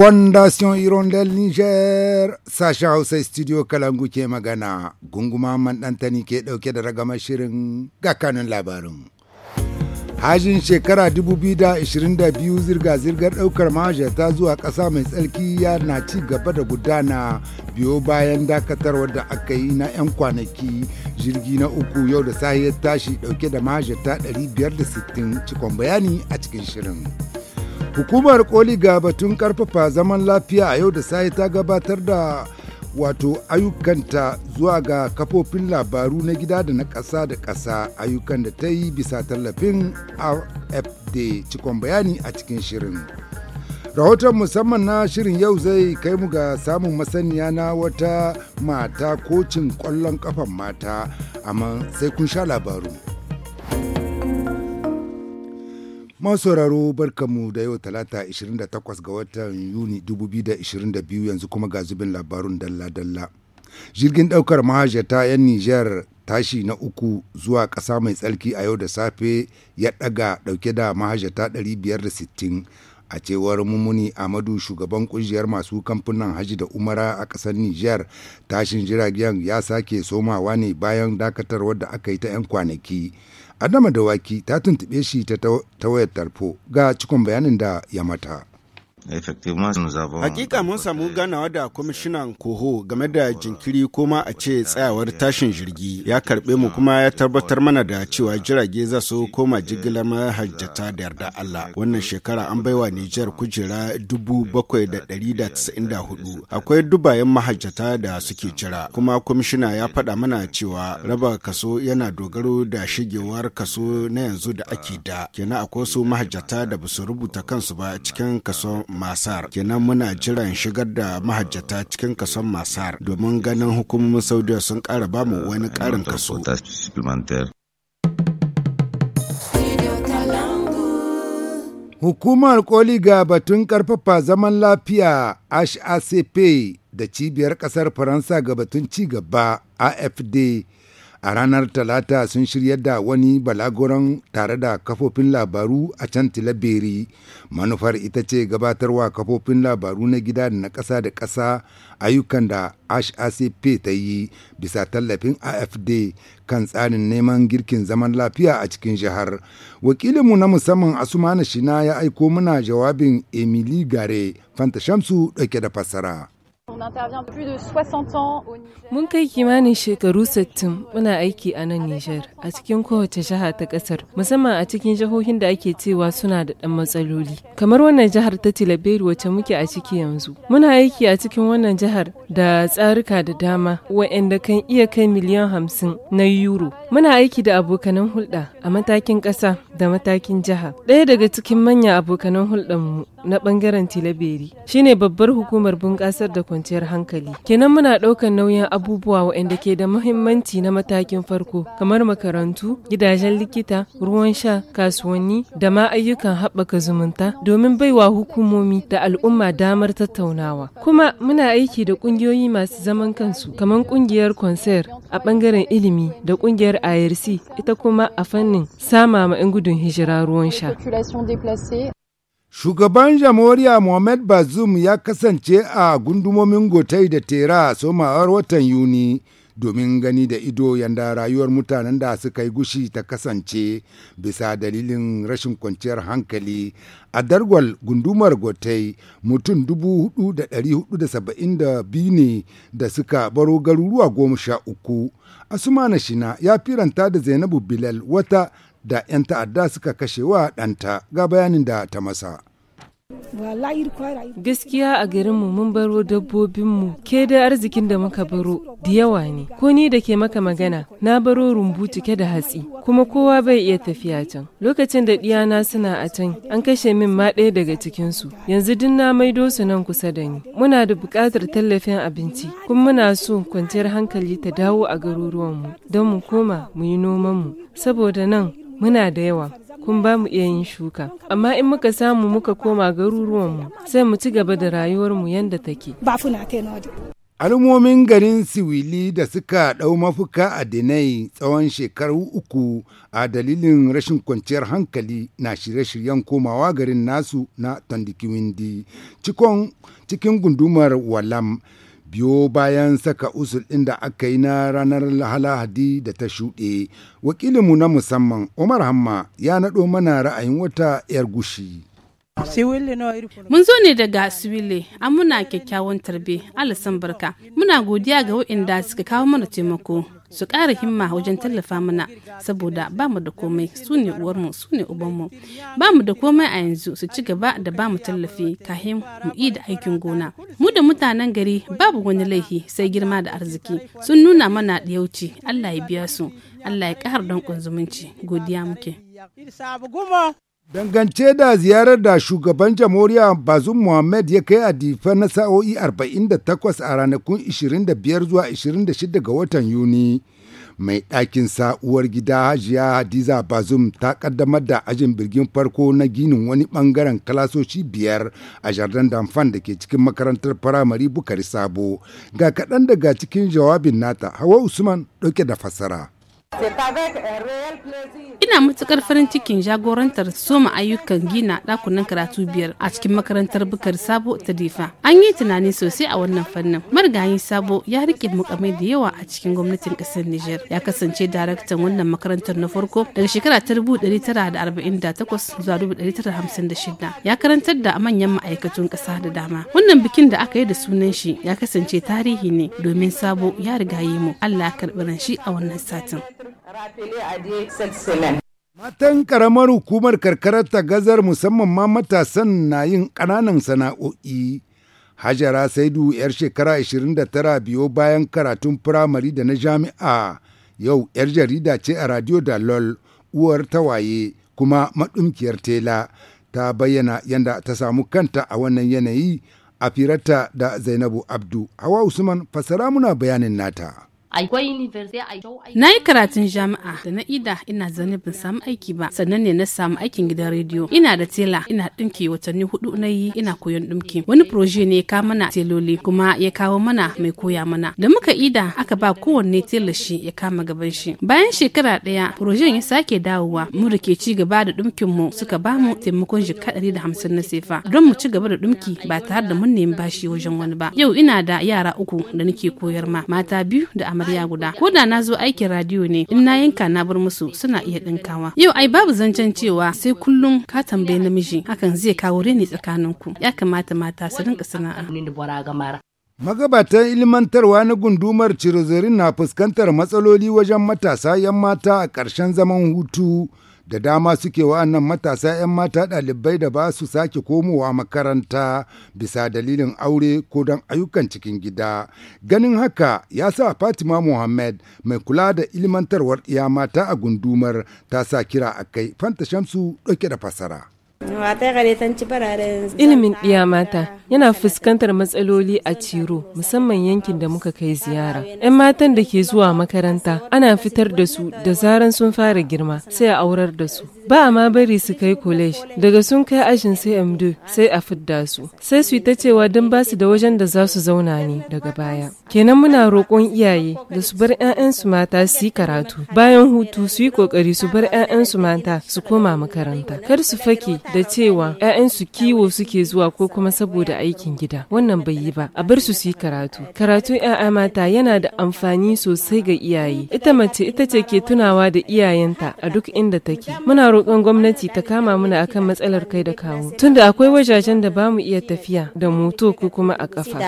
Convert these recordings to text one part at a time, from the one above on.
fondation irondel niger sasha hausa studio kalangu ke magana gunguma man ɗantani ke ɗauke da ragamar shirin ga kanun labarin hajin shekara 2022 zirga-zirgar ɗaukar mahajata zuwa ƙasa mai tsarki na ci gaba da gudana biyo bayan dakatarwar da aka yi na 'yan kwanaki jirgi na uku yau da sahiyar tashi ɗauke da mahajata 560 cikon bayani a cikin shirin. Hukumar koli ga batun karfafa zaman lafiya a yau da sai ta gabatar da wato ayyukanta zuwa ga kafofin labaru na gida da na ƙasa da ƙasa ayyukan da ta yi bisa tallafin RFD cikon bayani a cikin shirin. Rahoton musamman na shirin yau zai kai mu ga samun masaniya na wata mata kocin ƙwallon ƙafan mata, amma sai kun sha labaru. masauraro barkanmu da yau talata 28 ga watan yuni 2022 yanzu kuma ga zubin labarun dalla-dalla jirgin daukar mahajata 'yan niger tashi na uku zuwa ƙasa mai tsarki a yau da safe ya ɗaga ɗauke da mahajata 560 a cewar mummuni amadu shugaban kungiyar masu kamfanin haji da umara a ƙasar niger tashin jiragen ya sake somawa ne bayan dakatar wadda aka yi ta 'yan kwanaki Adama Dawaki ta tuntube shi ta wayar tarfo ga cikon bayanin da ya mata. Hakika mun samu ganawa da kwamishinan Koho game da jinkiri kuma a ce tsayawar tashin jirgi ya karbe mu kuma ya tabbatar mana da cewa jirage za su koma jigilar mahajjata da yarda Allah. Wannan shekara an baiwa Nijar kujera hudu Akwai dubayen mahajjata da suke jira kuma kwamishina ya faɗa mana cewa raba kaso yana dogaro da shigewar kaso na yanzu da ake da. Kenan akwai su mahajjata da ba su rubuta kansu ba cikin kaso masar kenan muna jiran shigar da mahajjata cikin kason masar domin ganin hukumomin saudiya sun kara bamu wani karin kaso Hukumar koli ga batun karfafa zaman lafiya HACP da cibiyar kasar Faransa ga batun ci gaba AFD a ranar talata sun shirya da wani balagoran tare da kafofin labaru a can tilaberi manufar ita ce gabatarwa kafofin labaru na gida da na ƙasa da ƙasa ayyukan da HACP ta yi bisa tallafin AFD kan tsarin neman girkin zaman lafiya a cikin jihar. Wakilinmu na musamman Asumana Shina ya aiko mana jawabin Emily Gare, Fanta Shamsu ɗauke da fassara. Mun kai kimanin shekaru 60 muna aiki a nan Nijar a cikin kowace jiha ta kasar musamman a cikin jihohin da ake cewa suna da ɗan matsaloli. Kamar wannan jihar ta Tilaberi wacce muke a ciki yanzu. Muna aiki a cikin wannan jihar da tsarika da dama waɗanda kan iya kai miliyan hamsin na yuro Muna aiki da abokanan hulɗa a matakin ƙasa da matakin jiha. Ɗaya daga cikin manyan abokanan hulɗarmu na ɓangaren Tilaberi shine babbar hukumar bunƙasar da kwanciyar hankali. Kenan muna ɗaukar nauyin abubuwa waɗanda ke da muhimmanci na matakin farko kamar makarantu, gidajen likita, ruwan sha, kasuwanni da ma ayyukan haɓaka zumunta domin baiwa hukumomi da al'umma damar tattaunawa. Kuma muna aiki da ƙungiyoyi masu zaman kansu kamar ƙungiyar Concert a ɓangaren ilimi da ƙungiyar IRC ita kuma a fannin sama ma 'yan gudun gudun hijira ruwan sha. Shugaban jamhuriya Mohamed Bazoum ya kasance a gundumomin Gotai da Tera a somawar watan Yuni domin gani da ido yanda rayuwar mutanen da suka yi gushi ta kasance bisa dalilin rashin kwanciyar hankali a dargwal gundumar Gotai mutum 4,472 ne da suka baro garuruwa goma sha uku. Asuma na shina ya firanta da Zainabu Bilal wata da 'yan ta'adda suka kashe wa ɗanta ga bayanin da ta masa. Gaskiya a garinmu mun baro dabbobinmu ke da arzikin da muka baro da yawa ne. Ko ni da ke maka magana na baro rumbu cike da hatsi kuma kowa bai iya tafiya can. Lokacin da ɗiyana suna a can an kashe min ma ɗaya daga cikinsu. Yanzu duk na maido su nan kusa da ni. Muna da buƙatar tallafin abinci kuma muna so kwanciyar hankali ta dawo a garuruwanmu don mu koma mu yi nomanmu. Saboda nan muna da yawa kun ba mu iya yin shuka amma in muka samu muka koma garuruwanmu sai mu ci gaba da rayuwarmu yadda take al'ummomin garin siwili da suka ɗau mafuka a dinai tsawon shekaru uku a dalilin rashin kwanciyar hankali na shirye-shiryen komawa garin nasu na tandikiwindi cikin gundumar walam biyo bayan saka usul ɗin da aka yi na ranar lahadi da ta shuɗe wakilinmu na musamman umar hamma ya naɗo mana ra'ayin wata 'yar gushi Mun zo ne daga Siwile, a muna kyakkyawan tarbe, Alisan barka. Muna godiya ga waɗanda suka kawo mana taimako. su ƙara himma wajen tallafa mana saboda ba mu da komai su ne uwarmu su ne ubanmu ba mu da komai a yanzu su ci gaba da ba mu tallafi kahin mu yi da aikin gona mu da mutanen gari babu wani laifi sai girma da arziki sun nuna mana yauci Allah ya biya su Allah ya ƙara don zumunci godiya muke Dangance da ziyarar da shugaban jamhuriya Bazum Mohammed ya kai a difa na sa'o'i 48 a ranakun 25 zuwa 26 ga watan Yuni, mai ɗakin sa'uwar gida Hajiya Hadiza Bazum ta ƙaddamar da ajin birgin farko na ginin wani ɓangaren kalasoci biyar a jardin Damfan da ke cikin makarantar firamare Bukari Sabo. Ga kaɗan daga cikin jawabin nata, Hawa Usman ɗauke da fassara. Ina matukar farin cikin jagorantar soma ayyukan gina ɗakunan karatu biyar a cikin makarantar Bukar Sabo ta Difa. An yi tunani sosai a wannan fannin. Marigayi Sabo ya rike mukamai da yawa a cikin gwamnatin ƙasar Nijar. Ya kasance daraktan wannan makarantar na farko daga shekara ta takwas zuwa shida. Ya karantar da manyan ma'aikatun ƙasa da dama. Wannan bikin da aka yi da sunan shi ya kasance tarihi ne domin Sabo ya rigaye mu. Allah ya karɓi ran shi a wannan satin. Matan karamar hukumar karkarar ta gazar musamman ma matasan na yin ƙananan sana'o'i. Hajara Saidu 'yar shekara 29 biyo bayan karatun firamare da na jami'a yau 'yar jarida ce a radio da lol uwar tawaye kuma maɗumkiyar tela ta bayyana yadda ta samu kanta a wannan yanayi a firarta da Zainabu Abdu. Hawa Usman fasara muna bayanin nata. Na yi karatun jami'a da na ida ina zane ban samu aiki ba sannan ne na samu aikin gidan rediyo. Ina da tela ina ɗinki watanni hudu na yi ina koyon dumki Wani proje ne ya kawo mana teloli kuma ya kawo mana mai koya mana. Da muka ida aka ba kowanne tela shi ya kama gaban shi. Bayan shekara ɗaya projen ya sake dawowa mu da ke ci gaba da ɗumkin mu suka ba mu taimakon jika ɗari da hamsin na sefa don mu ci gaba da ɗumki ba tare da mun nemi bashi wajen wani ba. Yau ina da yara uku da nake koyar ma mata biyu da amarya guda ko da na zo aikin radiyo ne in na yanka na bar musu suna iya ɗinkawa yau ai babu zancen cewa sai kullum ka tambayi namiji hakan zai kawo reni tsakaninku ya kamata mata su rinka sana'a Magabatan ilmantarwa na gundumar cirozarin na fuskantar matsaloli wajen matasa 'yan mata a ƙarshen zaman hutu da dama suke wa'annan matasa 'yan mata ɗalibai da ba su sake komowa makaranta bisa dalilin aure ko don ayyukan cikin gida ganin haka ya sa fatima mohammed mai kula da ilmantarwar iya mata a gundumar ta sa kira a kai fanta shamsu ɗauke da fasara Ilimin ɗiya mata yana fuskantar matsaloli a Ciro musamman yankin da muka kai ziyara. 'Yan matan da ke zuwa makaranta ana fitar da su da zaran sun fara girma sai a aurar da su. ba ma bari su kai kolej daga sun kai ajin sai amdu sai a fidda su sai su yi ta cewa don ba su da wajen da za su zauna ne daga baya kenan muna roƙon iyaye da su bar 'ya'yansu mata su yi karatu bayan hutu su yi kokari su bar 'ya'yansu mata su koma makaranta kar su fake da cewa 'ya'yansu kiwo suke zuwa ko kuma saboda aikin gida wannan bai yi ba a bar su su yi karatu karatun 'ya'ya mata yana da amfani sosai ga iyaye ita mace ita ce ke tunawa da iyayenta a duk inda take muna roƙon gwamnati ta kama mana akan matsalar kai da kawo. Tunda akwai wajajen da ba mu iya tafiya da moto ko kuma a ƙafa.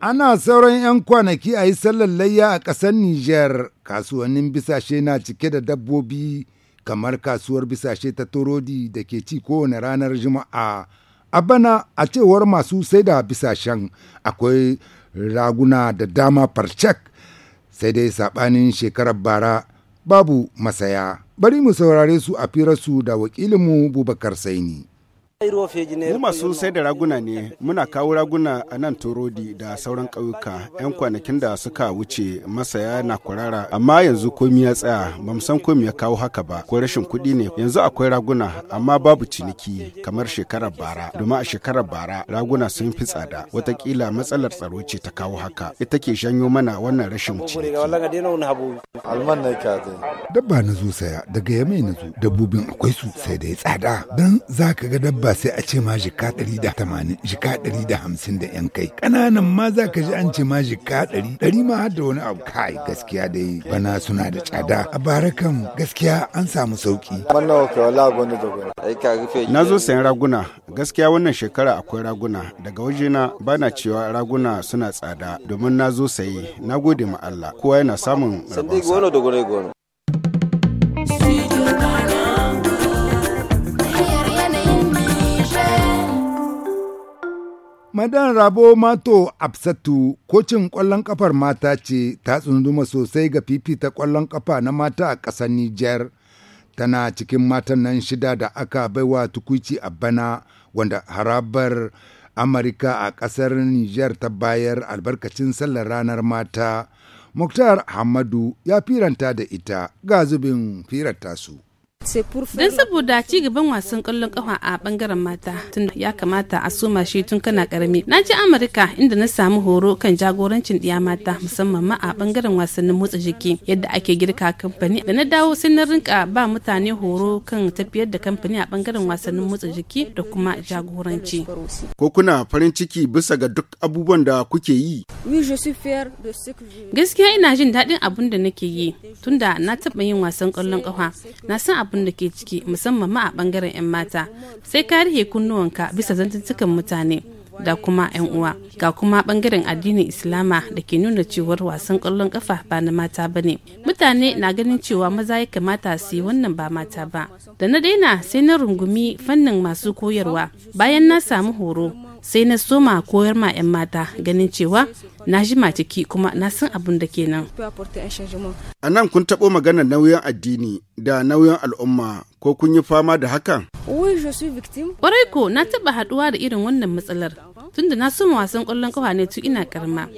Ana sauran 'yan kwanaki a yi sallar layya a ƙasar Nijar, kasuwannin bisashe na cike da dabbobi kamar kasuwar bisashe ta Torodi da ke ci kowane ranar Juma'a. A bana a cewar masu sai da bisashen akwai raguna da dama farcek sai dai saɓanin shekarar bara babu masaya. Bari mu saurare su a firarsu da wakilinmu Bubakar Saini. Mu masu sai da raguna ne muna kawo raguna a nan Torodi da sauran ƙauyuka 'yan kwanakin da suka wuce masaya na kurara amma yanzu komi ya tsaya ba mu san komi ya kawo haka ba ko rashin kuɗi ne yanzu akwai raguna amma babu ciniki kamar shekarar bara domin a shekarar bara raguna sun fi tsada watakila matsalar tsaro ce ta kawo haka ita ke janyo mana wannan rashin ciniki. Dabba na zo saya daga yamai na zo dabbobin akwai su sai da ya tsada Dan za ka ga dabba ba sai a ce ma jika ɗari da tamanin jika ɗari da yan kai ƙananan ma za ka ji an ce ma jika ɗari ɗari ma har da wani abu kai gaskiya dai bana suna da tsada a bara gaskiya an samu sauki. na zo sayan raguna gaskiya wannan shekara akwai raguna daga wajena bana cewa raguna suna tsada domin na zo saye na gode ma Allah kowa yana samun rabonsa. Madan Rabo Mato Absatu kocin ƙwallon ƙafar mata ce ta tsunduma sosai ga fifita ƙwallon ƙafa na mata a ƙasar Nijar. Tana cikin matan nan shida da aka baiwa tukuci a bana wanda harabar Amurka a ƙasar Nijar ta bayar albarkacin sallar ranar mata. Muktar Hamadu ya firanta da ita ga zubin firanta su. Don saboda ci gaban wasan ƙwallon ƙafa a bangaren mata tun ya kamata a soma shi tun kana karami. Na je Amurka inda na samu horo kan jagorancin ɗiya mata musamman ma a bangaren wasannin motsa jiki yadda ake girka kamfani. Da na dawo sai na rinka ba mutane horo kan tafiyar da kamfani a bangaren wasannin motsa jiki da kuma jagoranci. Ko kuna farin ciki bisa ga duk abubuwan da kuke yi? Gaskiya ina jin daɗin abun da nake yi tunda na taɓa yin wasan ƙwallon ƙafa. Na san abin da ke ciki musamman ma a bangaren 'yan mata sai ka rihe kunnuwanka bisa zantuntukan mutane da kuma 'yan uwa ga kuma bangaren addinin islama da ke nuna cewar wasan kwallon kafa ba na mata ba ne mutane na ganin cewa maza ya kamata su yi wannan ba mata ba da na daina sai na rungumi fannin masu koyarwa bayan na samu horo sai na soma koyar ma 'yan mata ganin cewa na jima ciki kuma na san abin da ke nan. A nan kun taɓo magana nauyin addini da nauyin al'umma ko kun yi fama da hakan? kwarai ko na taɓa haɗuwa da irin wannan matsalar tunda na soma wasan ƙwallon ƙafa ne tun ina karma.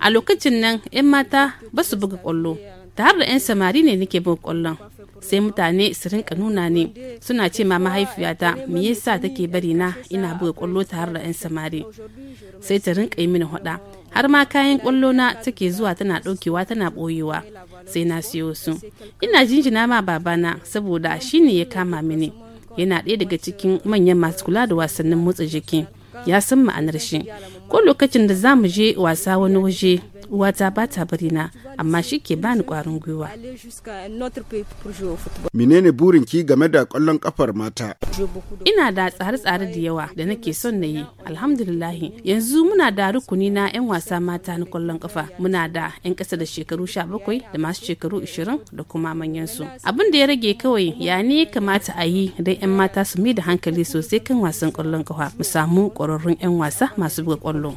A lokacin nan 'yan mata ba su buga ƙwallo, ta har da 'yan samari ne nake buga ƙwallon. sai mutane su rinka nuna ne, suna ce ma mahaifiyata me yasa take bari na ina buga kwallo tare da 'yan samari sai ta rinka yi mini hoda har ma kayan kwallo na take zuwa tana ɗaukewa tana ɓoyewa sai na siyo su ina jinjina ma babana saboda shi ne ya kama mini yana ɗaya daga cikin manyan masu kula da wasannin motsa jiki ya san ma'anar shi ko lokacin da za mu je wasa wani waje uwata ba ta bari na amma shi ke bani kwarin gwiwa menene burin ki game da kwallon kafar mata ina da tsare-tsare da yawa da nake son na yi alhamdulillahi yanzu muna da rukuni na 'yan wasa mata na kwallon kafa muna da 'yan ƙasa da shekaru 17 da masu shekaru 20 da kuma manyansu abin da ya rage kawai ya ne kamata a yi don 'yan mata su mai da hankali sosai kan wasan kwallon kafa mu samu ƙwararrun 'yan wasa masu buga kwallo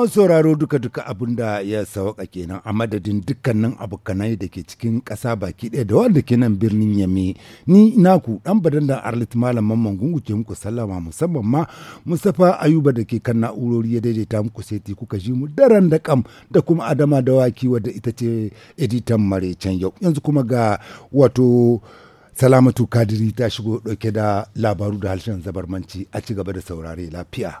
masu sauraro duka-duka abin da ya sauka kenan a madadin dukkanin abokanai da ke cikin ƙasa baki ɗaya da wanda ke nan birnin Yame. Ni naku ɗan badan da Arlit Malam Mamman ke muku sallama musamman ma musafa Ayuba da ke kan na'urori ya daidaita muku seti kuka ji mu daren da kam da kuma Adama da waki wadda ita ce editan Marecen yau. Yanzu kuma ga wato Salamatu Kadiri ta shigo ɗauke da labaru da harshen zabarmanci a ci gaba da saurare lafiya.